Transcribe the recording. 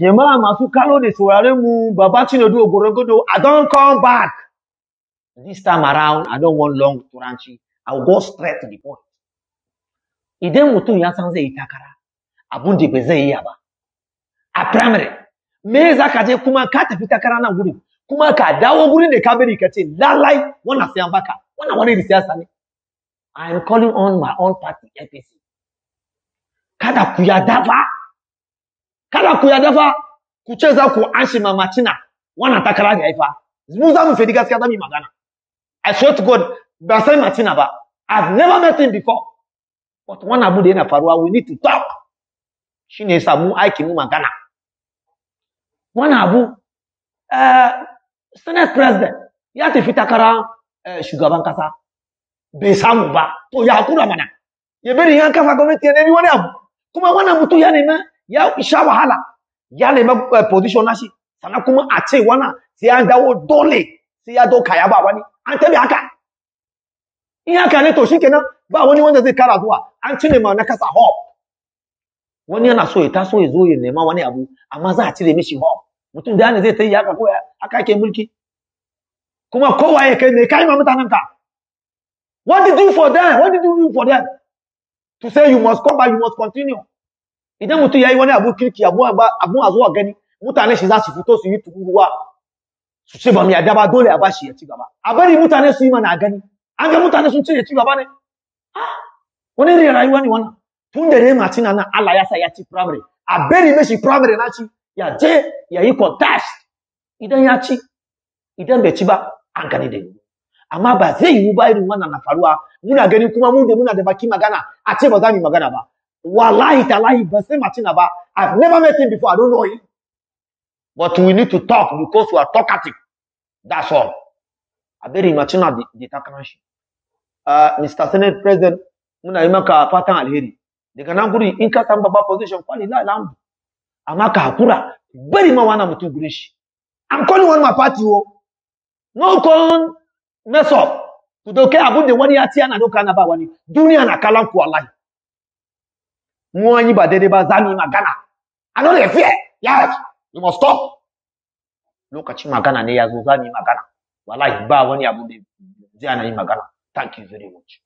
jama'a masu kallo da saurare mu baba Chinedu Ogorogodo I don't come back this time around I don't want long turanci I will go straight to the point idan mutum ya san zai yi takara abun da bai zai iya ba a primary me za ka je kuma ka tafi takara nan gurin kuma ka dawo gurin da ka bari ka ce lalai wannan sai an baka wannan wani da siyasa ne I am calling on my own party APC kada ku ya dafa Kada kuyadafa kucheza kuanshima anshi wanataka radhi haifa. Mu za mu fedi gaskiya zamu magana. I swear to God ba sai machina ba. I've never met him before. But wani abu da yana faruwa we need to talk. Shi ne yasa mu aiki mu magana. Wani abu uh, Senate President ya tafi takara uh, shugaban kasa bai samu ba to ya hakura mana ya bari yan kafa gwamnati ya nemi wani abu kuma wannan ya nema ya sha wahala ya nemi eh, position nashi sannan kuma a ce wana sai an dawo dole sai ya doka ya ba wani an tabi haka in haka ne to shikenan ba wani wanda zai kara zuwa an cire ma na kasa hop wani yana so ya taso ya zo ya nema wani abu amma za a cire mishi hop mutum da ne zai ta yi haka ko haka ake mulki kuma kowa ya kai ne kai ma mutanen ka what did you do for them what did you do for them to say you must come back you must continue idan mutum ya yi wani abu kirki abun a zuwa gani mutane shi za su fito su yi tururuwa su ce ba mu yarda ba dole a ba shi ya ci gaba a bari mutane su yi mana gani an ga mutane sun ce ya ci gaba ne wani rin rayuwa ne wannan tun da dai na nan Allah ya sa ya ci primary a bari mishi primary na ci ya je ya yi contest idan ya ci idan bai ci ba an gani da yi amma ba zai yiwu ba irin wannan na faruwa muna gani kuma mu da muna da baki magana a ce ba za mu yi magana ba Wallahi Talahi Bensin say Ba. I've never met him before. I don't know him. But we need to talk because we are talkative. That's all. Aberi Martina Dita Kanshi. Uh, Mr. Senate President, muna yi patan alheri. Daga nan guri tambaba ka san babba position kwani la lamu. Amma ka hakura bari ma I'm calling one my party o. Oh. No con mess up. To doke abun da wani ya ci mu yi ba dede ba za mu yi magana a nan da fiye ya you must stop lokacin magana ne ya zo za mu yi magana wallahi ba wani abu da zai ana yi magana thank you very much